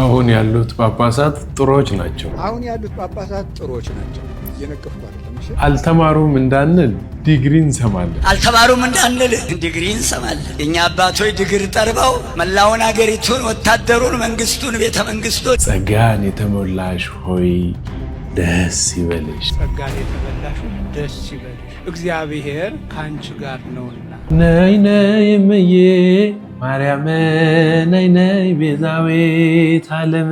አሁን ያሉት ጳጳሳት ጥሮች ናቸው። አሁን ያሉት ጳጳሳት ጥሮች ናቸው። እየነቀፍኩ አልተማሩም እንዳንል ዲግሪ እንሰማለን። አልተማሩም እንዳንል ዲግሪ እንሰማለን። እኛ አባቶች ዲግሪ ጠርበው መላውን አገሪቱን፣ ወታደሩን፣ መንግስቱን፣ ቤተ መንግስቱን ጸጋን የተሞላሽ ሆይ ደስ ይበልሽ፣ ጸጋን የተመላሽ ደስ ይበልሽ፣ እግዚአብሔር ከአንቺ ጋር ነውና ነይ ነይ እምዬ ማርያም ነይ ነይ ቤዛዊት ዓለም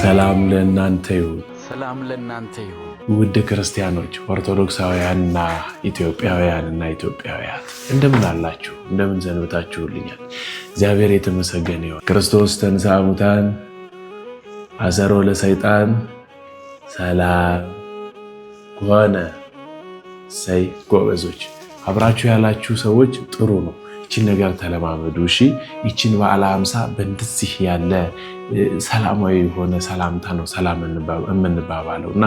ሰላም ለእናንተ ይሁን። ሰላም ለእናንተ ይሁን። ውድ ክርስቲያኖች ኦርቶዶክሳውያንና ኢትዮጵያውያንና ኢትዮጵያውያን እንደምን አላችሁ? እንደምን ሰንብታችሁልኛል? እግዚአብሔር የተመሰገነ ይሁን። ክርስቶስ ተንሥአ እሙታን አሰሮ ለሰይጣን ሰላም ሆነ። ሰይ ጎበዞች፣ አብራችሁ ያላችሁ ሰዎች ጥሩ ነው። ይችን ነገር ተለማመዱ። እሺ ይችን በዓለ ሃምሳ በእንደዚህ ያለ ሰላማዊ የሆነ ሰላምታ ነው ሰላም የምንባባለው እና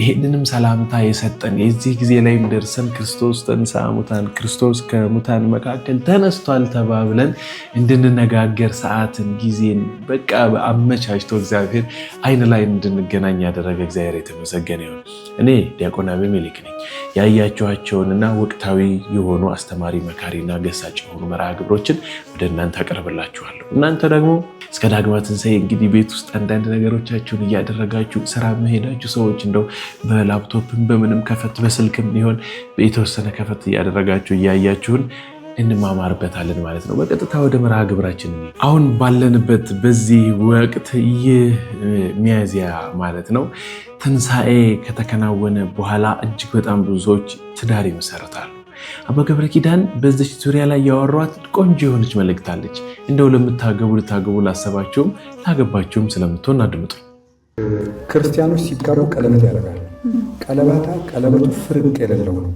ይሄንንም ሰላምታ የሰጠን የዚህ ጊዜ ላይም ደርሰን ክርስቶስ ተንሥአ እሙታን ክርስቶስ ከሙታን መካከል ተነስቷል ተባብለን እንድንነጋገር ሰዓትን፣ ጊዜን በቃ አመቻችቶ እግዚአብሔር አይን ላይ እንድንገናኝ ያደረገ እግዚአብሔር የተመሰገነ ይሁን። እኔ ዲያቆን አቤሜሌክ ነኝ። ያያችኋቸውንና ወቅታዊ የሆኑ አስተማሪ መካሪና ገሳጭ የሆኑ መርሃ ግብሮችን ወደ እናንተ አቀርብላችኋለሁ። እናንተ ደግሞ እስከ ዳግማ ትንሣኤ እንግዲህ ቤት ውስጥ አንዳንድ ነገሮቻችሁን እያደረጋችሁ ስራ መሄዳችሁ ሰዎች እንደው በላፕቶፕም በምንም ከፈት በስልክም ሊሆን የተወሰነ ከፈት እያደረጋችሁ እያያችሁን እንማማርበታለን ማለት ነው። በቀጥታ ወደ መርሃ ግብራችን አሁን ባለንበት በዚህ ወቅት ይህ ሚያዝያ ማለት ነው ትንሣኤ ከተከናወነ በኋላ እጅግ በጣም ብዙ ሰዎች ትዳር ይመሰርታሉ። አባ ገብረ ኪዳን በዚች ዙሪያ ላይ ያወሯት ቆንጆ የሆነች መለክታለች እንደው ለምታገቡ ልታገቡ ላሰባችሁም ላገባችሁም ስለምትሆን አድምጡ። ክርስቲያኖች ሲጋሩ ቀለበት ያደርጋል። ቀለባታ ቀለበቱ ፍርቅ የሌለው ነው፣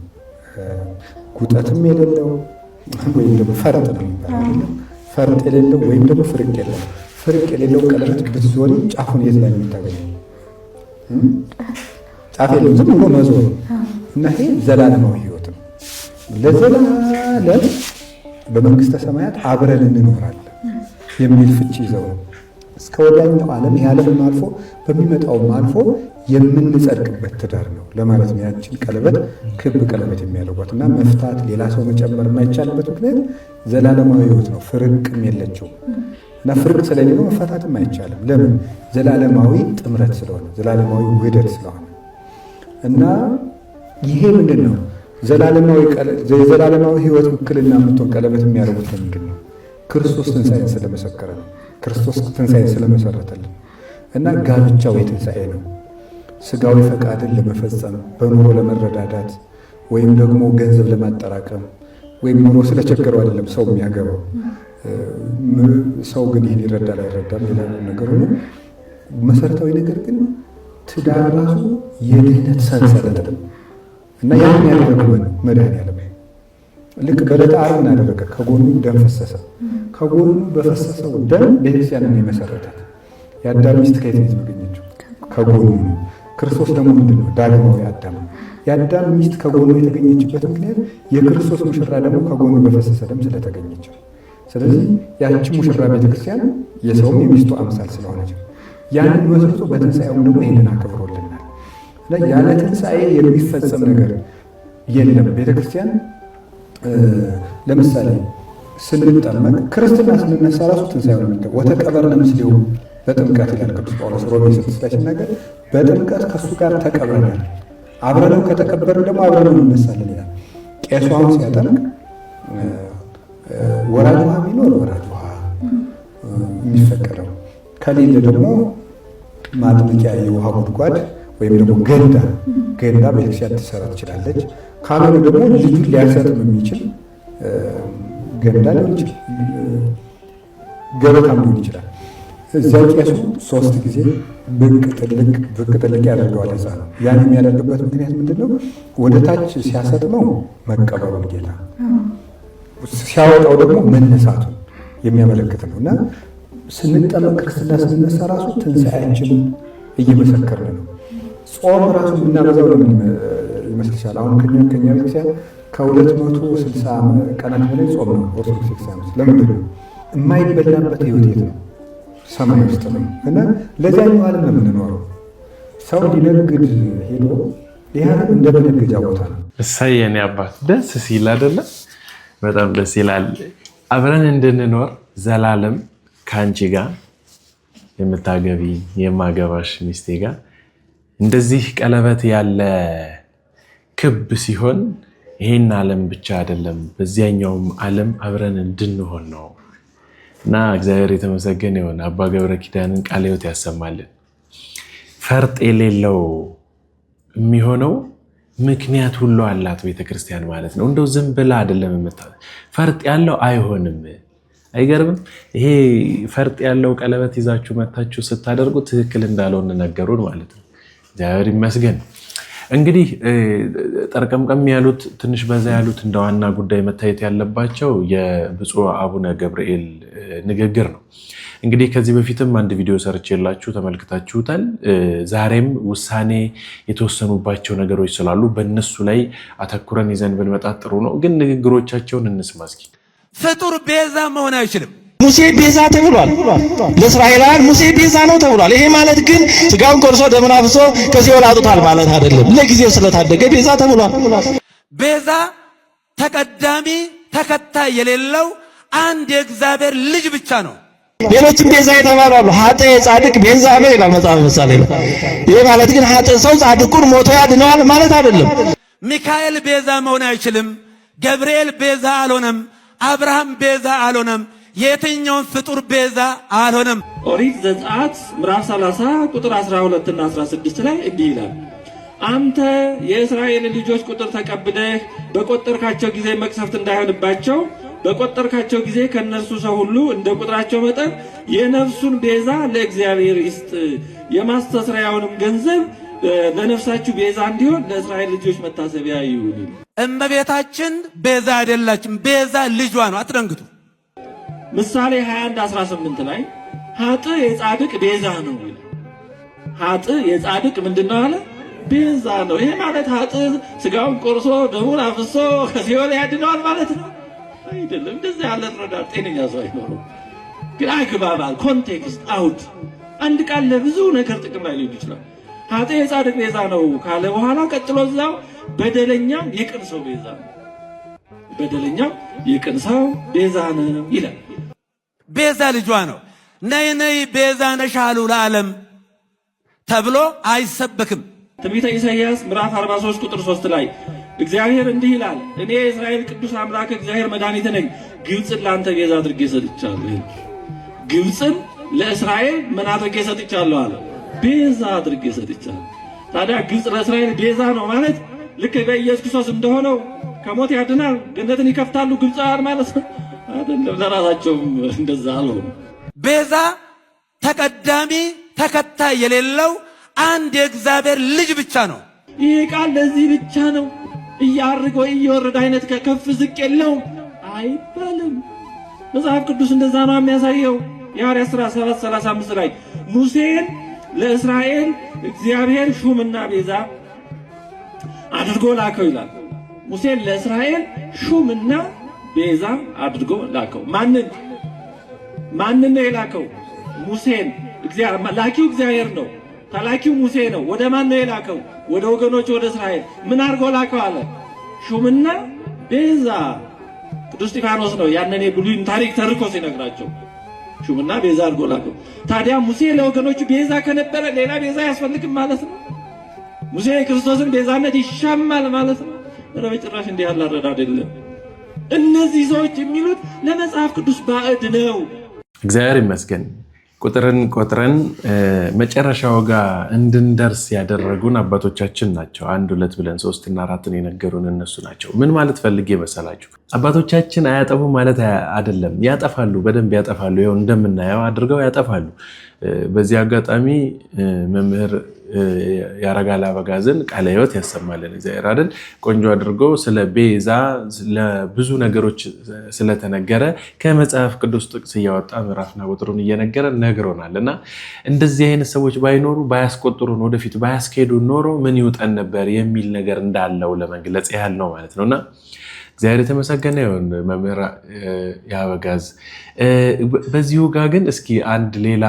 ጉጠትም የሌለው ወይም ደግሞ ፈረጥ ነው የሚባለው። ፈረጥ የሌለው ወይም ደግሞ ፍርቅ የለው ፍርቅ የሌለው ቀለበት ብትዞሪ ጫፉን የት ላይ የምታገኘው? ጫፍ የለም፣ ዝም ብሎ መዞር እና ይሄ ዘላለማዊ ህይወት ነው። ለዘላለም በመንግስተ ሰማያት አብረን እንኖራለን የሚል ፍቺ ይዘው ነው እስከ ወዳኛው ዓለም ይህ ዓለምም አልፎ በሚመጣውም አልፎ የምንጸድቅበት ትዳር ነው ለማለት ነው። ያችን ቀለበት ክብ ቀለበት የሚያደርጓት እና መፍታት ሌላ ሰው መጨመር የማይቻልበት ምክንያት ዘላለማዊ ህይወት ነው። ፍርቅም የለችው እና ፍርቅ ስለሌለው መፋታትም አይቻልም። ለምን? ዘላለማዊ ጥምረት ስለሆነ ዘላለማዊ ውህደት ስለሆነ እና ይሄ ምንድን ነው የዘላለማዊ ህይወት ውክልና የምትሆን ቀለበት የሚያደርጉት ለምንድን ነው? ክርስቶስ ትንሣኤን ስለመሰከረ ነው። ክርስቶስ ትንሣኤን ስለመሰረተልን እና ጋብቻው የትንሣኤ ነው ስጋዊ ፈቃድን ለመፈጸም በኑሮ ለመረዳዳት ወይም ደግሞ ገንዘብ ለማጠራቀም ወይም ኑሮ ስለቸገረው አይደለም ሰው የሚያገባው። ሰው ግን ይህን ይረዳል አይረዳም ሌላ ነገር ሆኖ መሰረታዊ ነገር ግን ትዳር ራሱ የድህነት ሰንሰለት ነው እና ያንን ያደረገውን መድኃኔዓለም ልክ በዕለተ ዓርብ እናደረገ ከጎኑ ደም ፈሰሰ። ከጎኑ በፈሰሰው ደም ቤተክርስቲያንን የመሰረታት የአዳም ሚስት ከየት ነው የተገኘችው? ከጎኑ ክርስቶስ ደግሞ ምንድን ነው? ዳግማዊ አዳም የአዳም ሚስት ከጎኑ የተገኘችበት ምክንያት የክርስቶስ ሙሽራ ደግሞ ከጎኑ በፈሰሰ ደም ስለተገኘች። ስለዚህ ያቺ ሙሽራ ቤተክርስቲያን የሰውም የሚስቱ አምሳል ስለሆነች ያንን መስርቶ በትንሣኤውም ደግሞ ይህንን አክብሮልናል። ያለ ትንሣኤ የሚፈጸም ነገር የለም። ቤተክርስቲያን ለምሳሌ ስንጠመቅ ክርስትና ስንነሳ ራሱ ትንሣኤ ወተቀበርነ ምስሌው በጥምቀት ይላል ቅዱስ ጳውሎስ ሮሜ ስድስት ላይ ሲናገር በጥምቀት ከእሱ ጋር ተቀብረናል። አብረነው ከተቀበርን ደግሞ አብረነው እንነሳለን ይላል። ቄሷም ሲያጠምቅ ወራጅ ውሃ ቢኖር ወራጅ ውሃ የሚፈቀደው ከሌለ ደግሞ ማጥመቂያ የውሃ ጉድጓድ ወይም ደግሞ ገንዳ ገንዳ ቤተክርስቲያን ትሰራ ትችላለች። ካልሆነ ደግሞ ልጁን ሊያሰጥም የሚችል ገንዳ ሊሆን ይችላል፣ ገበታም ሊሆን ይችላል። እዚያው ቄሱ ሶስት ጊዜ ብቅ ጥልቅ ብቅ ጥልቅ ያደርገዋል። ዛ ነው ያን የሚያደርግበት ምክንያት ምንድን ነው? ወደ ታች ሲያሰጥመው መቀበሩን ጌታ ሲያወጣው ደግሞ መነሳቱን የሚያመለክት ነው እና ስንጠመቅ ክርስትና ስንነሳ ራሱ ትንሣኤያችን እየመሰከርን ነው። ጾም ራሱ ብናበዛው ለምን ይመስልሻል? አሁን ከኛ ከኛ ቤተክርስቲያን ከሁለት መቶ ስልሳ ቀናት በላይ ጾም ነው ኦርቶዶክስ ቤተክርስቲያን ውስጥ ለምንድን ነው የማይበላበት ህይወት የት ነው? ሰማይ ውስጥ ነው እና ለዚያኛው ዓለም ነው የምንኖረው። ሰው ሊነግድ ሄዶ ይህ ዓለም እንደ መነገጃ ቦታ ነው። እሰይ የኔ አባት ደስ ሲል አደለ? በጣም ደስ ይላል። አብረን እንድንኖር ዘላለም ከአንቺ ጋር የምታገቢ የማገባሽ ሚስቴ ጋር እንደዚህ ቀለበት ያለ ክብ ሲሆን ይሄን ዓለም ብቻ አይደለም፣ በዚያኛውም ዓለም አብረን እንድንሆን ነው እና እግዚአብሔር የተመሰገን ይሁን። አባ ገብረ ኪዳንን ቃለ ሕይወት ያሰማልን። ፈርጥ የሌለው የሚሆነው ምክንያት ሁሉ አላት ቤተክርስቲያን ማለት ነው። እንደው ዝም ብላ አይደለም የምታ ፈርጥ ያለው አይሆንም። አይገርምም? ይሄ ፈርጥ ያለው ቀለበት ይዛችሁ መታችሁ ስታደርጉ ትክክል እንዳልሆን ነገሩን ማለት ነው። እግዚአብሔር ይመስገን። እንግዲህ ጠርቀምቀም ያሉት ትንሽ በዛ ያሉት እንደ ዋና ጉዳይ መታየት ያለባቸው የብፁዕ አቡነ ገብርኤል ንግግር ነው። እንግዲህ ከዚህ በፊትም አንድ ቪዲዮ ሰርች የላችሁ ተመልክታችሁታል። ዛሬም ውሳኔ የተወሰኑባቸው ነገሮች ስላሉ በእነሱ ላይ አተኩረን ይዘን ብንመጣ ጥሩ ነው። ግን ንግግሮቻቸውን እንስማ እስኪ። ፍጡር ቤዛ መሆን አይችልም። ሙሴ ቤዛ ተብሏል። ለእስራኤላውያን ሙሴ ቤዛ ነው ተብሏል። ይሄ ማለት ግን ስጋውን ቆርሶ ደሙን አፍሶ ከሲኦል አውጥቷል ማለት አይደለም። ለጊዜው ስለታደገ ቤዛ ተብሏል። ቤዛ ተቀዳሚ ተከታይ የሌለው አንድ የእግዚአብሔር ልጅ ብቻ ነው። ሌሎችም ቤዛ የተባሉ አሉ። ሀጠ ጻድቅ ቤዛ ነው ይላል መጽሐፍ ምሳሌ ነው። ይሄ ማለት ግን ሀጠ ሰው ጻድቁን ሞቶ ያድነዋል ማለት አይደለም። ሚካኤል ቤዛ መሆን አይችልም። ገብርኤል ቤዛ አልሆነም። አብርሃም ቤዛ አልሆነም። የትኛውን ፍጡር ቤዛ አልሆነም። ኦሪት ዘጸአት ምዕራፍ 30 ቁጥር 12 እና 16 ላይ እንዲህ ይላል አንተ የእስራኤል ልጆች ቁጥር ተቀብለህ በቆጠርካቸው ጊዜ መቅሰፍት እንዳይሆንባቸው በቆጠርካቸው ጊዜ ከእነርሱ ሰው ሁሉ እንደ ቁጥራቸው መጠን የነፍሱን ቤዛ ለእግዚአብሔር ይስጥ፣ የማስተስሪያውንም ገንዘብ ለነፍሳችሁ ቤዛ እንዲሆን ለእስራኤል ልጆች መታሰቢያ ይሁን። እመቤታችን ቤዛ አይደላችን፣ ቤዛ ልጇ ነው። አትደንግቱ። ምሳሌ 21 18 ላይ ሀጥ የጻድቅ ቤዛ ነው ይላል። ሀጥ የጻድቅ ምንድነው አለ ቤዛ ነው። ይሄ ማለት ሀጥ ስጋውን ቆርሶ ደሙን አፍሶ ከሲኦል ያድነዋል ማለት ነው አይደለም። እንደዚህ ያለ ትረዳር ጤነኛ ሰው አይኖርም። ግን አግባባል፣ ኮንቴክስት አውድ አንድ ቃል ለብዙ ነገር ጥቅም ላይ ሊሆን ይችላል። ሀጥ የጻድቅ ቤዛ ነው ካለ በኋላ ቀጥሎ እዛው በደለኛ የቅን ሰው ቤዛ ነው፣ በደለኛ የቅን ሰው ቤዛ ነው ይላል። ቤዛ ልጇ ነው። ነይ ነይ ቤዛ ነሻሉ ለዓለም ተብሎ አይሰበክም። ትንቢተ ኢሳይያስ ምዕራፍ 43 ቁጥር 3 ላይ እግዚአብሔር እንዲህ ይላል፣ እኔ የእስራኤል ቅዱስ አምላክ እግዚአብሔር መድኃኒት ነኝ፣ ግብፅን ለአንተ ቤዛ አድርጌ ሰጥቻለሁ፣ ግብፅን ለእስራኤል ምን አድርጌ ሰጥቻለሁ አለ፣ ቤዛ አድርጌ ሰጥቻለሁ። ታዲያ ግብፅ ለእስራኤል ቤዛ ነው ማለት ልክ በኢየሱስ ክርስቶስ እንደሆነው ከሞት ያድናል፣ ገነትን ይከፍታሉ ግብፃውያን ማለት አይደለም ለራሳቸውም እንደዛ አልሆኑ። ቤዛ ተቀዳሚ ተከታይ የሌለው አንድ የእግዚአብሔር ልጅ ብቻ ነው። ይህ ቃል ለዚህ ብቻ ነው እያርግ ወይ እየወረድ አይነት ከከፍ ዝቅ የለውም አይባልም። መጽሐፍ ቅዱስ እንደዛ ነው የሚያሳየው። የሐዋርያት ሥራ 7 35 ላይ ሙሴን ለእስራኤል እግዚአብሔር ሹምና ቤዛ አድርጎ ላከው ይላል። ሙሴን ለእስራኤል ሹምና ቤዛ አድርጎ ላከው። ማንን ማንን ነው የላከው? ሙሴን። ላኪው እግዚአብሔር ነው፣ ተላኪው ሙሴ ነው። ወደ ማን ነው የላከው? ወደ ወገኖች፣ ወደ እስራኤል። ምን አድርጎ ላከው አለ? ሹምና ቤዛ። ቅዱስ እስጢፋኖስ ነው ያንን የብሉይን ታሪክ ተርኮ ሲነግራቸው ሹምና ቤዛ አድርጎ ላከው። ታዲያ ሙሴ ለወገኖቹ ቤዛ ከነበረ ሌላ ቤዛ አያስፈልግም ማለት ነው? ሙሴ የክርስቶስን ቤዛነት ይሻማል ማለት ነው? ኧረ በጭራሽ እንዲህ ያላረዳ አይደለም። እነዚህ ሰዎች የሚሉት ለመጽሐፍ ቅዱስ ባዕድ ነው። እግዚአብሔር ይመስገን ቁጥርን ቆጥረን መጨረሻው ጋር እንድንደርስ ያደረጉን አባቶቻችን ናቸው። አንድ ሁለት ብለን ሶስትና አራትን የነገሩን እነሱ ናቸው። ምን ማለት ፈልጌ መሰላችሁ? አባቶቻችን አያጠፉ ማለት አይደለም። ያጠፋሉ፣ በደንብ ያጠፋሉ። ይኸው እንደምናየው አድርገው ያጠፋሉ። በዚህ አጋጣሚ መምህር ያረጋል አበጋዝን ቃለ ሕይወት ያሰማልን እግዚአብሔር አይደል። ቆንጆ አድርጎ ስለ ቤዛ ለብዙ ነገሮች ስለተነገረ ከመጽሐፍ ቅዱስ ጥቅስ እያወጣ ምዕራፍና ቁጥሩን እየነገረ ነግሮናል እና እንደዚህ አይነት ሰዎች ባይኖሩ ባያስቆጥሩን፣ ወደፊት ባያስኬዱን ኖሮ ምን ይውጠን ነበር የሚል ነገር እንዳለው ለመግለጽ ያህል ነው ማለት ነውና እግዚአብሔር የተመሰገነ ይሁን። መምህር የአበጋዝ በዚሁ ጋር ግን እስኪ አንድ ሌላ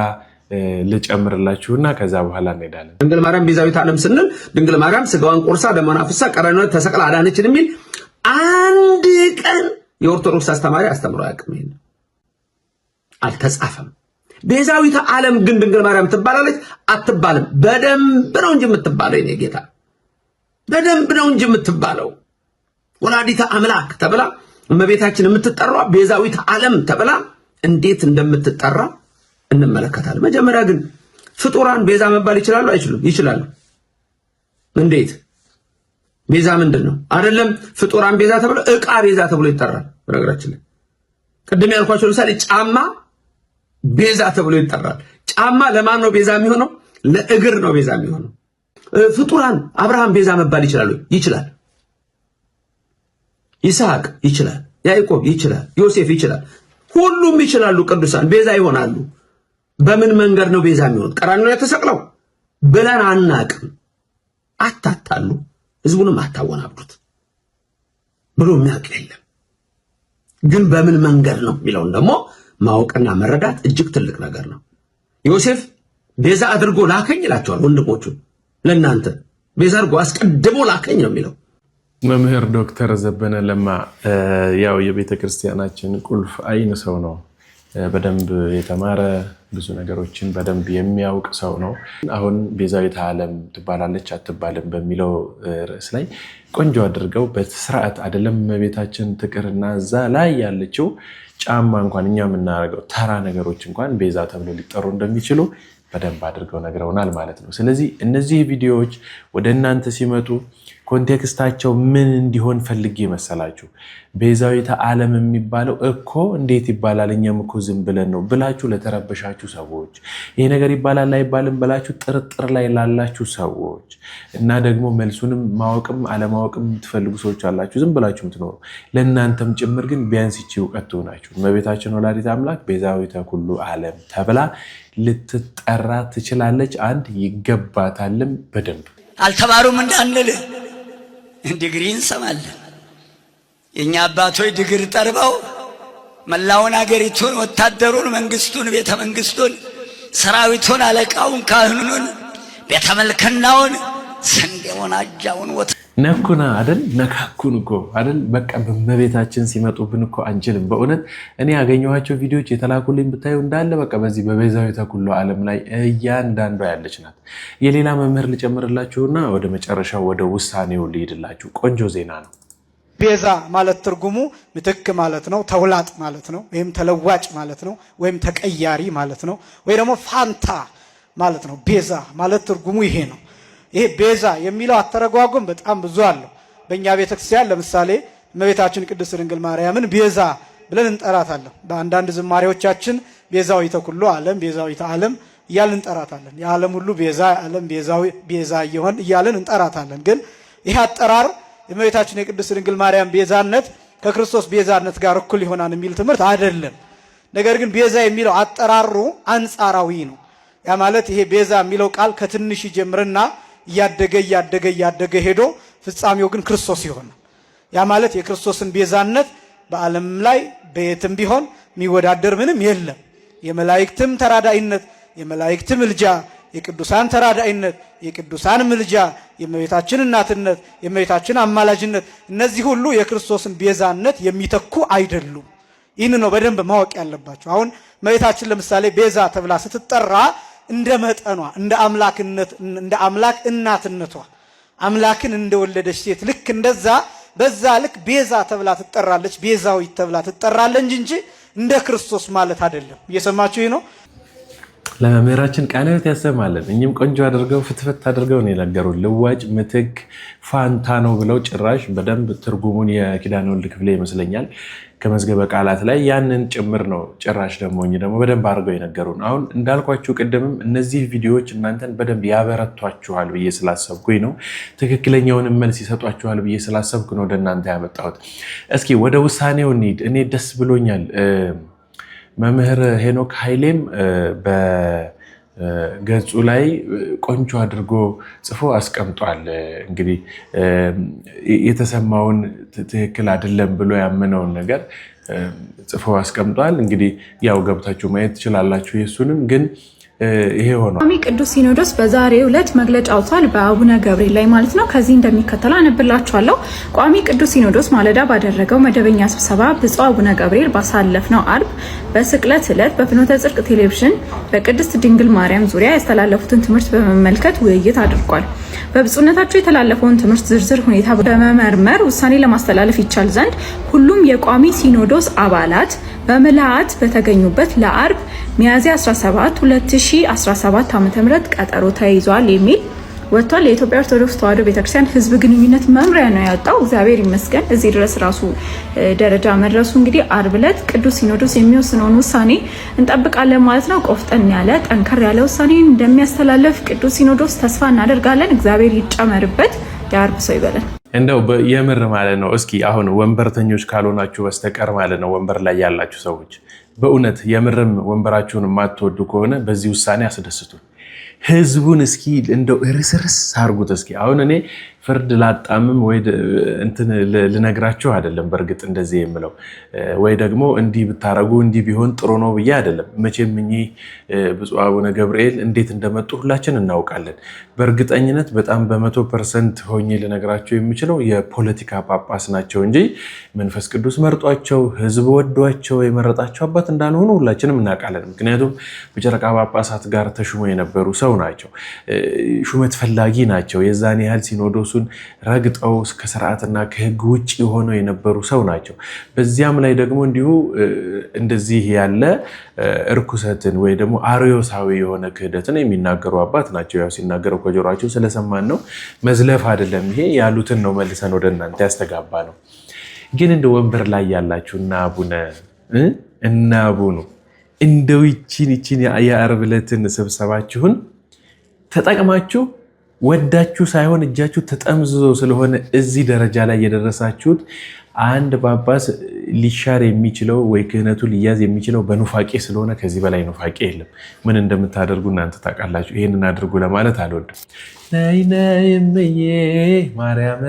ልጨምርላችሁና ከዛ በኋላ እንሄዳለን። ድንግል ማርያም ቤዛዊት ዓለም ስንል ድንግል ማርያም ስጋዋን ቆርሳ ደሟን አፍሳ ቀራንዮ ተሰቅላ አዳነችን የሚል አንድ ቀን የኦርቶዶክስ አስተማሪ አስተምሮ አያውቅም። ይሄን አልተጻፈም። ቤዛዊት ዓለም ግን ድንግል ማርያም ትባላለች አትባልም? በደንብ ነው እንጂ የምትባለው የኔ ጌታ፣ በደንብ ነው እንጂ የምትባለው። ወላዲተ አምላክ ተብላ እመቤታችን የምትጠራ ቤዛዊት ዓለም ተብላ እንዴት እንደምትጠራ እንመለከታለን። መጀመሪያ ግን ፍጡራን ቤዛ መባል ይችላሉ አይችሉም? ይችላሉ። እንዴት? ቤዛ ምንድን ነው? አይደለም ፍጡራን ቤዛ ተብሎ እቃ ቤዛ ተብሎ ይጠራል። በነገራችን ላይ ቅድም ያልኳቸው ለምሳሌ ጫማ ቤዛ ተብሎ ይጠራል። ጫማ ለማን ነው ቤዛ የሚሆነው? ለእግር ነው ቤዛ የሚሆነው። ፍጡራን አብርሃም ቤዛ መባል ይችላሉ? ይችላል። ይስሐቅ ይችላል። ያዕቆብ ይችላል። ዮሴፍ ይችላል። ሁሉም ይችላሉ። ቅዱሳን ቤዛ ይሆናሉ። በምን መንገድ ነው ቤዛ የሚሆን? ቀራንዮ ላይ ተሰቅለው ብለን አናቅም። አታታሉ፣ ህዝቡንም አታወናብዱት ብሎ የሚያውቅ የለም። ግን በምን መንገድ ነው የሚለውን ደግሞ ማወቅና መረዳት እጅግ ትልቅ ነገር ነው። ዮሴፍ ቤዛ አድርጎ ላከኝ ይላቸዋል ወንድሞቹ። ለእናንተ ቤዛ አድርጎ አስቀድሞ ላከኝ ነው የሚለው። መምህር ዶክተር ዘበነ ለማ ያው የቤተ ክርስቲያናችን ቁልፍ አይን ሰው ነው። በደንብ የተማረ ብዙ ነገሮችን በደንብ የሚያውቅ ሰው ነው። አሁን ቤዛዊት ዓለም ትባላለች አትባልም በሚለው ርዕስ ላይ ቆንጆ አድርገው በስርዓት አይደለም እመቤታችን ትቅርና እዛ ላይ ያለችው ጫማ እንኳን እኛ የምናደርገው ተራ ነገሮች እንኳን ቤዛ ተብሎ ሊጠሩ እንደሚችሉ በደንብ አድርገው ነግረውናል ማለት ነው። ስለዚህ እነዚህ ቪዲዮዎች ወደ እናንተ ሲመጡ ኮንቴክስታቸው ምን እንዲሆን ፈልጌ መሰላችሁ? ቤዛዊተ ዓለም የሚባለው እኮ እንዴት ይባላል? እኛም እኮ ዝም ብለን ነው ብላችሁ ለተረበሻችሁ ሰዎች፣ ይሄ ነገር ይባላል አይባልም ብላችሁ ጥርጥር ላይ ላላችሁ ሰዎች እና ደግሞ መልሱንም ማወቅም አለማወቅም የምትፈልጉ ሰዎች አላችሁ፣ ዝም ብላችሁ የምትኖሩ ለእናንተም ጭምር ግን ቢያንስ ይቺ እውቀት ትሆናችሁ። እመቤታችን ወላዲተ አምላክ ቤዛዊተ ኩሉ ዓለም ተብላ ልትጠራ ትችላለች። አንድ ይገባታልም በደንብ አልተማሩም እንዳንል ድግሪ እንሰማለን። የእኛ አባቶች ድግር ጠርበው መላውን አገሪቱን፣ ወታደሩን፣ መንግስቱን፣ ቤተ መንግስቱን፣ ሰራዊቱን፣ አለቃውን፣ ካህኑን፣ ቤተ መልከናውን፣ ስንዴውን፣ አጃውን፣ ወተ ነኩና አደል ነካኩን እኮ አደል በቃ በመቤታችን ሲመጡብን እኮ አንችልም። በእውነት እኔ ያገኘኋቸው ቪዲዮዎች የተላኩልኝ ብታዩ እንዳለ በቃ በዚህ በቤዛዊ ተኩሎ ዓለም ላይ እያንዳንዷ ያለች ናት። የሌላ መምህር ልጨምርላችሁና ወደ መጨረሻው ወደ ውሳኔው ልሄድላችሁ። ቆንጆ ዜና ነው። ቤዛ ማለት ትርጉሙ ምትክ ማለት ነው፣ ተውላጥ ማለት ነው፣ ወይም ተለዋጭ ማለት ነው፣ ወይም ተቀያሪ ማለት ነው፣ ወይ ደግሞ ፋንታ ማለት ነው። ቤዛ ማለት ትርጉሙ ይሄ ነው። ይሄ ቤዛ የሚለው አተረጓጎም በጣም ብዙ አለው። በእኛ ቤተክርስቲያን ለምሳሌ እመቤታችን ቅድስት ድንግል ማርያምን ቤዛ ብለን እንጠራታለን። በአንዳንድ ዝማሬዎቻችን ቤዛዊተ ኩሉ ዓለም ቤዛዊተ ዓለም እያልን እንጠራታለን። የዓለም ሁሉ ቤዛ ዓለም ቤዛዊ ቤዛ እየሆን እያልን እንጠራታለን። ግን ይህ አጠራር የእመቤታችን የቅድስት ድንግል ማርያም ቤዛነት ከክርስቶስ ቤዛነት ጋር እኩል ይሆናል የሚል ትምህርት አይደለም። ነገር ግን ቤዛ የሚለው አጠራሩ አንጻራዊ ነው። ያ ማለት ይሄ ቤዛ የሚለው ቃል ከትንሽ ይጀምርና እያደገ እያደገ እያደገ ሄዶ ፍጻሜው ግን ክርስቶስ ይሆናል። ያ ማለት የክርስቶስን ቤዛነት በዓለም ላይ በየትም ቢሆን የሚወዳደር ምንም የለም። የመላእክትም ተራዳይነት፣ የመላእክት ምልጃ፣ የቅዱሳን ተራዳይነት፣ የቅዱሳን ምልጃ፣ የእመቤታችን እናትነት፣ የእመቤታችን አማላጅነት፣ እነዚህ ሁሉ የክርስቶስን ቤዛነት የሚተኩ አይደሉም። ይህን ነው በደንብ ማወቅ ያለባቸው። አሁን እመቤታችን ለምሳሌ ቤዛ ተብላ ስትጠራ እንደ መጠኗ እንደ አምላክነት እንደ አምላክ እናትነቷ አምላክን እንደወለደች ሴት ልክ እንደዛ በዛ ልክ ቤዛ ተብላ ትጠራለች፣ ቤዛዊት ተብላ ትጠራለች እንጂ እንደ ክርስቶስ ማለት አይደለም። እየሰማችሁ ነው። ለመምህራችን ቃላት ያሰማለን። እኚህም ቆንጆ አድርገው ፍትፍት አድርገው ነው የነገሩ። ልዋጭ፣ ምትክ፣ ፋንታ ነው ብለው ጭራሽ በደንብ ትርጉሙን የኪዳነ ወልድ ክፍሌ ይመስለኛል ከመዝገበ ቃላት ላይ ያንን ጭምር ነው ጭራሽ ደግሞ እኚህ ደግሞ በደንብ አድርገው የነገሩን። አሁን እንዳልኳችሁ ቅድምም እነዚህ ቪዲዮዎች እናንተን በደንብ ያበረቷችኋል ብዬ ስላሰብኩኝ ነው። ትክክለኛውን መልስ ይሰጧችኋል ብዬ ስላሰብኩ ነው ወደ እናንተ ያመጣሁት። እስኪ ወደ ውሳኔው እንሂድ። እኔ ደስ ብሎኛል። መምህር ሄኖክ ኃይሌም በገጹ ላይ ቆንጆ አድርጎ ጽፎ አስቀምጧል። እንግዲህ የተሰማውን ትክክል አይደለም ብሎ ያመነውን ነገር ጽፎ አስቀምጧል። እንግዲህ ያው ገብታችሁ ማየት ትችላላችሁ። የእሱንም ግን ይሄ ሆኖ ቋሚ ቅዱስ ሲኖዶስ በዛሬ ዕለት መግለጫ አውጥቷል፣ በአቡነ ገብርኤል ላይ ማለት ነው። ከዚህ እንደሚከተለው አነብላችኋለሁ። ቋሚ ቅዱስ ሲኖዶስ ማለዳ ባደረገው መደበኛ ስብሰባ ብፁዕ አቡነ ገብርኤል ባሳለፍነው አርብ በስቅለት ዕለት በፍኖተ ጽድቅ ቴሌቪዥን በቅድስት ድንግል ማርያም ዙሪያ ያስተላለፉትን ትምህርት በመመልከት ውይይት አድርጓል። በብፁዕነታቸው የተላለፈውን ትምህርት ዝርዝር ሁኔታ በመመርመር ውሳኔ ለማስተላለፍ ይቻል ዘንድ ሁሉም የቋሚ ሲኖዶስ አባላት በምልአት በተገኙበት ለአርብ ሚያዝያ 17 2017 ዓ.ም ቀጠሮ ተይዟል የሚል ወጥቷል። የኢትዮጵያ ኦርቶዶክስ ተዋሕዶ ቤተክርስቲያን ህዝብ ግንኙነት መምሪያ ነው ያወጣው። እግዚአብሔር ይመስገን እዚህ ድረስ ራሱ ደረጃ መድረሱ እንግዲህ አርብ ዕለት ቅዱስ ሲኖዶስ የሚወስነውን ውሳኔ እንጠብቃለን ማለት ነው። ቆፍጠን ያለ ጠንከር ያለ ውሳኔ እንደሚያስተላልፍ ቅዱስ ሲኖዶስ ተስፋ እናደርጋለን። እግዚአብሔር ይጨመርበት። የአርብ ሰው ይበለን። እንደው የምር ማለት ነው። እስኪ አሁን ወንበርተኞች ካልሆናችሁ በስተቀር ማለት ነው ወንበር ላይ ያላችሁ ሰዎች በእውነት የምርም ወንበራችሁን የማትወዱ ከሆነ በዚህ ውሳኔ አስደስቱ። ህዝቡን እስኪ እንደው እርስርስ አርጉት። እስኪ አሁን እኔ ፍርድ ላጣምም ወይ እንትን ልነግራችሁ አይደለም። በእርግጥ እንደዚህ የምለው ወይ ደግሞ እንዲህ ብታረጉ እንዲህ ቢሆን ጥሩ ነው ብዬ አይደለም። መቼም እኚህ ብፁዕ አቡነ ገብርኤል እንዴት እንደመጡ ሁላችን እናውቃለን። በእርግጠኝነት በጣም በመቶ ፐርሰንት ሆኜ ልነግራቸው የምችለው የፖለቲካ ጳጳስ ናቸው እንጂ መንፈስ ቅዱስ መርጧቸው ህዝብ ወዷቸው የመረጣቸው አባት እንዳልሆኑ ሁላችንም እናውቃለን። ምክንያቱም በጨረቃ ጳጳሳት ጋር ተሹሞ የነበሩ ሰው ናቸው፣ ሹመት ፈላጊ ናቸው። የዛን ያህል ሲኖዶሱን ረግጠው ከስርዓትና ከህግ ውጭ ሆነው የነበሩ ሰው ናቸው። በዚያም ላይ ደግሞ እንዲሁ እንደዚህ ያለ እርኩሰትን ወይ ደግሞ አርዮሳዊ የሆነ ክህደትን የሚናገሩ አባት ናቸው። ያው ሲናገረው ከጆሯቸው ስለሰማን ነው፣ መዝለፍ አይደለም። ይሄ ያሉትን ነው መልሰን ወደ እናንተ ያስተጋባ ነው። ግን እንደ ወንበር ላይ ያላችሁ እና እናቡኑ እና እንደው ይችን ይችን የአርብ ዕለትን ስብሰባችሁን ተጠቅማችሁ ወዳችሁ ሳይሆን እጃችሁ ተጠምዝዞ ስለሆነ እዚህ ደረጃ ላይ የደረሳችሁት። አንድ ጳጳስ ሊሻር የሚችለው ወይ ክህነቱ ሊያዝ የሚችለው በኑፋቄ ስለሆነ ከዚህ በላይ ኑፋቄ የለም። ምን እንደምታደርጉ እናንተ ታውቃላችሁ። ይህንን አድርጉ ለማለት አልወድም። ነይነይ እምዬ ማርያም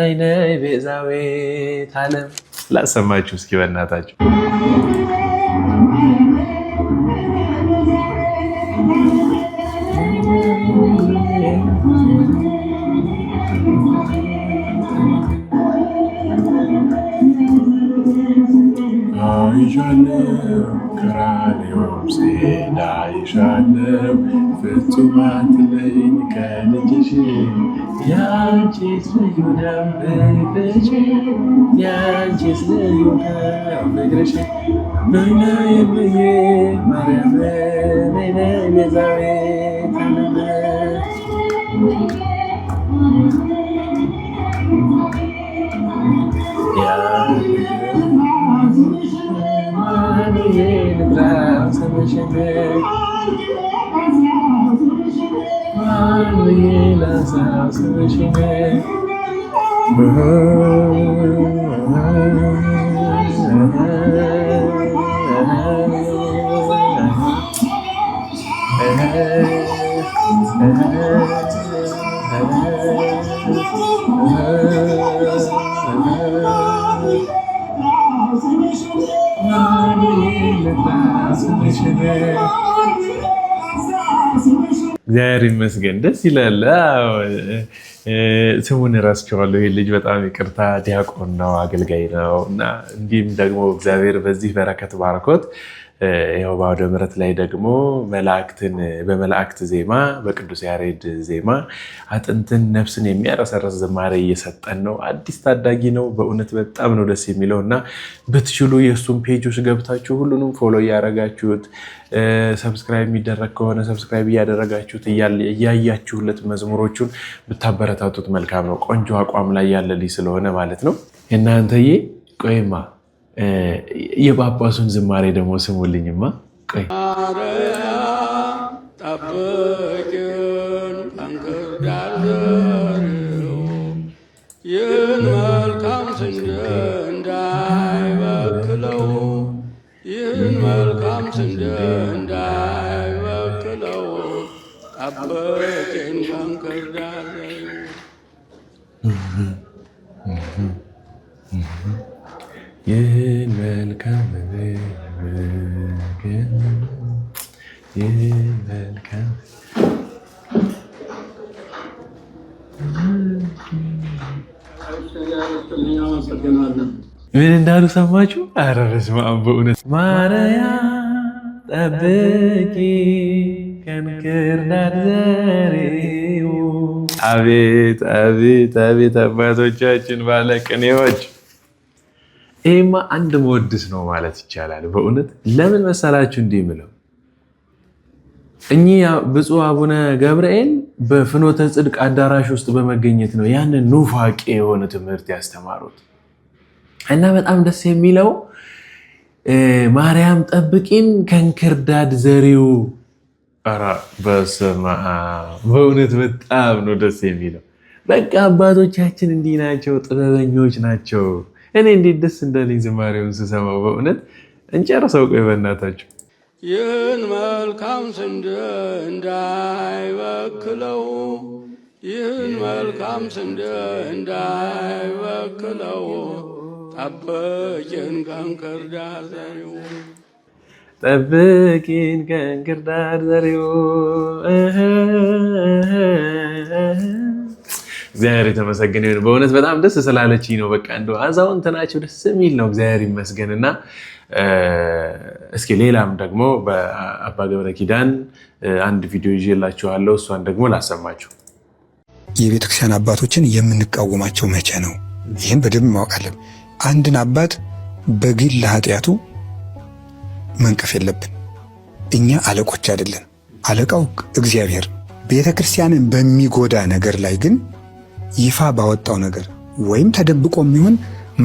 ነይነይ ቤዛዊት ዓለም ላሰማችሁ እስኪ በእናታችሁ ያንቺስ ልዩ ነው ፍቅርሽ ያንቺስ ልዩ ነው ፍቅርሽ ነይ ነይ ብዬ ማርያም ነይ ነይ ቤዛ varlığıyla sensin içine. Varlığıyla sensin içine. እግዚአብሔር ይመስገን። ደስ ይላል። ስሙን እረስቸዋለሁ። ይህ ልጅ በጣም ይቅርታ፣ ዲያቆን ነው፣ አገልጋይ ነው እና እንዲሁም ደግሞ እግዚአብሔር በዚህ በረከት ባርኮት ያው በአውደ ምረት ላይ ደግሞ መላእክትን በመላእክት ዜማ በቅዱስ ያሬድ ዜማ አጥንትን ነፍስን የሚያረሰረስ ዝማሬ እየሰጠን ነው። አዲስ ታዳጊ ነው። በእውነት በጣም ነው ደስ የሚለው እና ብትችሉ የእሱን ፔጆች ገብታችሁ ሁሉንም ፎሎ እያደረጋችሁት ሰብስክራይብ የሚደረግ ከሆነ ሰብስክራይብ እያደረጋችሁት እያያችሁለት መዝሙሮቹን ብታበረታቱት መልካም ነው። ቆንጆ አቋም ላይ ያለ ልጅ ስለሆነ ማለት ነው። እናንተዬ ቆይማ የጳጳሱን ዝማሬ ደግሞ ስሙልኝማ። ቆይ እንክርዳድ ይህን መልካም ስንዴ እንዳይበክለው ይህን መልካም ስንዴ እንዳይበክለው እንክርዳድ ምን እንዳሉ ሰማችሁ? ኧረ በስመ አብ በእውነት ጠብቂ ከንክርዳድ ዘሬው። አቤት አቤት አቤት አባቶቻችን ባለቅኔዎች ይህማ አንድ መወድስ ነው ማለት ይቻላል። በእውነት ለምን መሰላችሁ እንዲህ ምለው እኚህ ብፁዕ አቡነ ገብርኤል በፍኖተ ጽድቅ አዳራሽ ውስጥ በመገኘት ነው ያንን ኑፋቄ የሆነ ትምህርት ያስተማሩት እና በጣም ደስ የሚለው ማርያም ጠብቂን ከእንክርዳድ ዘሪው ኧረ በስመ አብ በእውነት በጣም ነው ደስ የሚለው። በቃ አባቶቻችን እንዲህ ናቸው፣ ጥበበኞች ናቸው። እኔ እንዴት ደስ እንዳለኝ ዝማሬውን ስሰማው በእውነት እንጨርሰው። ቆይ በእናታቸው ይህን መልካም ስንዴ እንዳይበክለው ይህን መልካም ስንዴ እንዳይበክለው ጠብቂን ከእንክርዳድ ዘሪው ጠብቂን ከእንክርዳድ ዘሪው። እግዚአብሔር የተመሰገነ ይሁን። በእውነት በጣም ደስ ስላለች ነው። በቃ እንደው አዛውንት ናቸው፣ ደስ የሚል ነው። እግዚአብሔር ይመስገንና እስኪ ሌላም ደግሞ በአባ ገብረ ኪዳን አንድ ቪዲዮ ይዤላችኋለሁ። እሷን ደግሞ ላሰማችሁ። የቤተክርስቲያን አባቶችን የምንቃወማቸው መቼ ነው? ይህም በደንብ ማወቃለን። አንድን አባት በግል ለኃጢአቱ መንቀፍ የለብን። እኛ አለቆች አይደለን። አለቃው እግዚአብሔር። ቤተ ክርስቲያንን በሚጎዳ ነገር ላይ ግን ይፋ ባወጣው ነገር ወይም ተደብቆ የሚሆን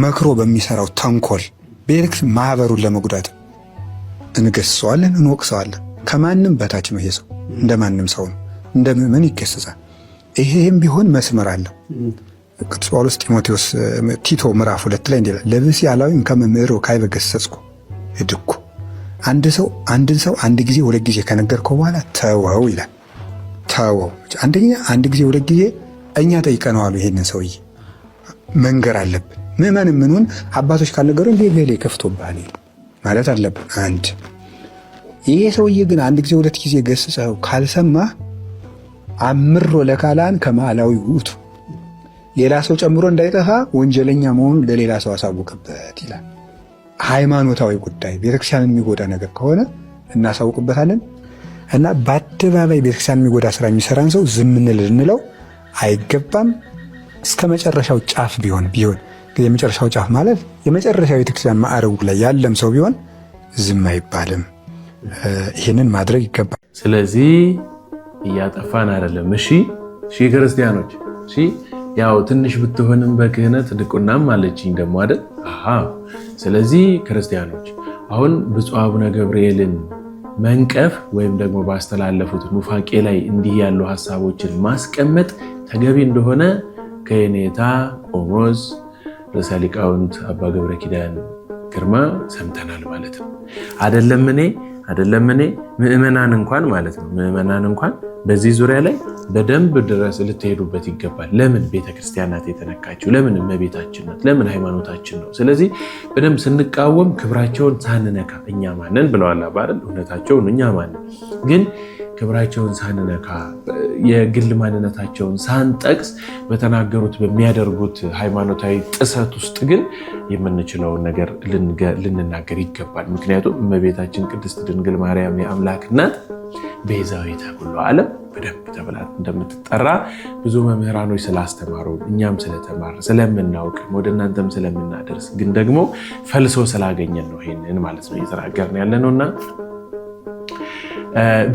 መክሮ በሚሰራው ተንኮል ቤልክስ ማህበሩን ለመጉዳት እንገስሰዋለን፣ እንወቅሰዋለን። ከማንም በታች ነው ይሄ ሰው፣ እንደ ማንም ሰው ነው፣ እንደ ምዕመን ይገሰጻል። ይሄም ቢሆን መስመር አለው። ቅዱስ ጳውሎስ ጢሞቴዎስ ቲቶ ምዕራፍ ሁለት ላይ እንዲላል ለብስ ያላዊም ከመምህሮ ካይበ ገሰጽኩ እድኩ አንድ ሰው አንድን ሰው አንድ ጊዜ ሁለት ጊዜ ከነገርከው በኋላ ተወው ይላል። ተወው አንደኛ አንድ ጊዜ ሁለት ጊዜ እኛ ጠይቀነዋል። ይሄንን ሰውዬ መንገር አለብን። ምዕመን ምኑን አባቶች ካልነገሩ እንደ ከፍቶብሃል ማለት አለብን። አንድ ይሄ ሰውዬ ግን አንድ ጊዜ ሁለት ጊዜ ገስጸው ካልሰማ አምሮ ለካላን ከማዕላዊ ውቱ ሌላ ሰው ጨምሮ እንዳይጠፋ ወንጀለኛ መሆኑን ለሌላ ሰው አሳውቅበት ይላል። ሃይማኖታዊ ጉዳይ ቤተክርስቲያን የሚጎዳ ነገር ከሆነ እናሳውቅበታለን እና በአደባባይ ቤተክርስቲያን የሚጎዳ ስራ የሚሰራን ሰው ዝም እንል ልንለው አይገባም። እስከ መጨረሻው ጫፍ ቢሆን ቢሆን የመጨረሻው ጫፍ ማለት የመጨረሻው ቤተክርስቲያን ማዕረጉ ላይ ያለም ሰው ቢሆን ዝም አይባልም። ይህንን ማድረግ ይገባል። ስለዚህ እያጠፋን አይደለም። እሺ ሺ ክርስቲያኖች እሺ። ያው ትንሽ ብትሆንም በክህነት ድቁናም አለችኝ ደሞ አይደል? ስለዚህ ክርስቲያኖች አሁን ብፁዕ አቡነ ገብርኤልን መንቀፍ ወይም ደግሞ ባስተላለፉት ኑፋቄ ላይ እንዲህ ያሉ ሀሳቦችን ማስቀመጥ ተገቢ እንደሆነ ከየኔታ ቆሞስ ርዕሰ ሊቃውንት አባ ገብረ ኪዳን ግርማ ሰምተናል ማለት ነው። አደለም እኔ አደለም እኔ እንኳን ማለት ነው ምእመናን እንኳን በዚህ ዙሪያ ላይ በደንብ ድረስ ልትሄዱበት ይገባል። ለምን ቤተክርስቲያናት የተነካችው? ለምን እመቤታችን ናት? ለምን ሃይማኖታችን ነው? ስለዚህ በደንብ ስንቃወም ክብራቸውን ሳንነካ እኛ ማንን ብለዋል። አባል እውነታቸውን እኛ ማንን ግን ክብራቸውን ሳንነካ የግል ማንነታቸውን ሳንጠቅስ በተናገሩት በሚያደርጉት ሃይማኖታዊ ጥሰት ውስጥ ግን የምንችለውን ነገር ልንናገር ይገባል። ምክንያቱም እመቤታችን ቅድስት ድንግል ማርያም የአምላክ እናት ቤዛዊተ ኩሉ ዓለም በደንብ ተብላት እንደምትጠራ ብዙ መምህራኖች ስላስተማሩ እኛም ስለተማር ስለምናውቅ ወደ እናንተም ስለምናደርስ ግን ደግሞ ፈልሶ ስላገኘን ነው ይሄንን ማለት ነው እየተናገርን ያለ ነውና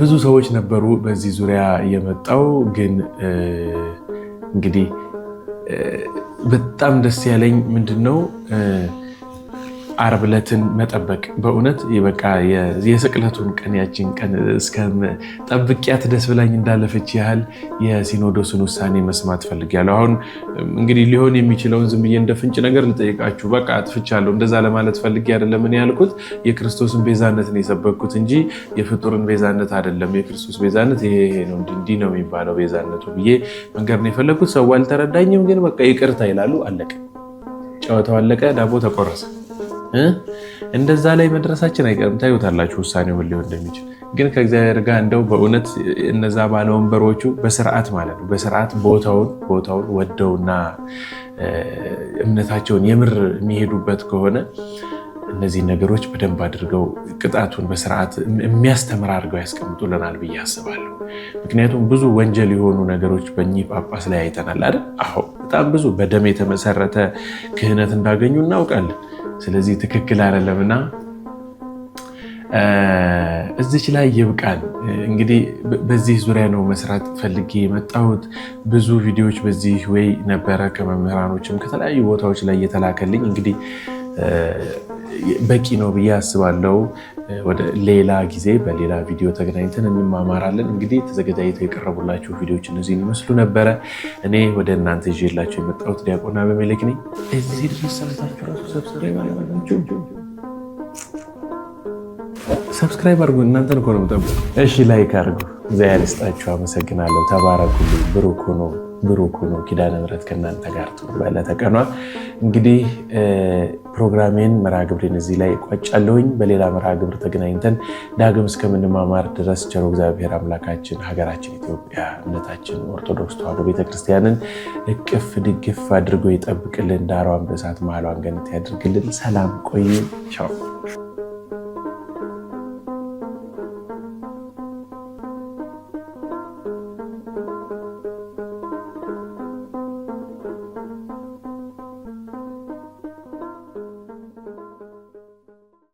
ብዙ ሰዎች ነበሩ በዚህ ዙሪያ የመጣው ግን እንግዲህ በጣም ደስ ያለኝ ምንድን ነው ዓርብ ዕለትን መጠበቅ በእውነት በቃ የስቅለቱን ቀን ያችን ቀን እስከ ጠብቂያት ደስ ብላኝ እንዳለፈች ያህል የሲኖዶስን ውሳኔ መስማት ፈልጊያለሁ። አሁን እንግዲህ ሊሆን የሚችለውን ዝም ብዬ እንደ ፍንጭ ነገር ልጠይቃችሁ። በቃ አጥፍቻለሁ እንደዛ ለማለት ፈልጌ አይደለም እኔ ያልኩት የክርስቶስን ቤዛነት ነው የሰበኩት እንጂ የፍጡርን ቤዛነት አይደለም። የክርስቶስ ቤዛነት ይሄ ነው እንዲህ ነው የሚባለው ቤዛነቱ ብዬ መንገድ ነው የፈለግኩት። ሰው አልተረዳኝም፣ ግን በቃ ይቅርታ ይላሉ። አለቀ፣ ጨዋታው አለቀ፣ ዳቦ ተቆረሰ። እንደዛ ላይ መድረሳችን አይቀርም። ታዩታላችሁ ውሳኔው ምን ሊሆን እንደሚችል። ግን ከእግዚአብሔር ጋር እንደው በእውነት እነዛ ባለወንበሮቹ በስርዓት ማለት ነው በስርዓት ቦታውን ቦታውን ወደውና እምነታቸውን የምር የሚሄዱበት ከሆነ እነዚህ ነገሮች በደንብ አድርገው ቅጣቱን በስርዓት የሚያስተምር አድርገው ያስቀምጡልናል ብዬ አስባለሁ። ምክንያቱም ብዙ ወንጀል የሆኑ ነገሮች በእኚህ ጳጳስ ላይ አይተናል አይደል? አዎ፣ በጣም ብዙ በደም የተመሰረተ ክህነት እንዳገኙ እናውቃለን። ስለዚህ ትክክል አይደለምና እዚች ላይ ይብቃል እንግዲህ በዚህ ዙሪያ ነው መስራት ፈልጌ የመጣሁት። ብዙ ቪዲዮዎች በዚህ ወይ ነበረ ከመምህራኖችም ከተለያዩ ቦታዎች ላይ እየተላከልኝ እንግዲህ በቂ ነው ብዬ አስባለሁ። ወደ ሌላ ጊዜ በሌላ ቪዲዮ ተገናኝተን እንማማራለን። እንግዲህ ተዘጋጅተው የቀረቡላችሁ ቪዲዮዎች እነዚህን ይመስሉ ነበረ። እኔ ወደ እናንተ ይዤላቸው የመጣሁት ዲያቆን አበመለክ ነኝ። እዚህ ድረስ ሰርታችሁ ራሱ ሰብስክራይብ አላላችሁ ሰብስክራይብ አድርጉ። እናንተን እኮ ነው የምጠብቁት። እሺ ላይክ አድርጉ። እግዚአብሔር ይስጣችሁ። አመሰግናለሁ። ተባረኩልኝ። ብሩክ ሆኖ ብሩክ ሆኖ ኪዳነ ምሕረት ከእናንተ ጋር ትሁን። በለተቀኗ እንግዲህ ፕሮግራሜን መርሃ ግብሬን እዚህ ላይ እቋጫለሁኝ። በሌላ መርሃ ግብር ተገናኝተን ዳግም እስከምንማማር ድረስ ቸሮ እግዚአብሔር አምላካችን ሀገራችን ኢትዮጵያ እምነታችን ኦርቶዶክስ ተዋህዶ ቤተክርስቲያንን እቅፍ ድግፍ አድርጎ ይጠብቅልን። ዳሯን በእሳት መሃሏን ገነት ያድርግልን። ሰላም ቆይ ቻው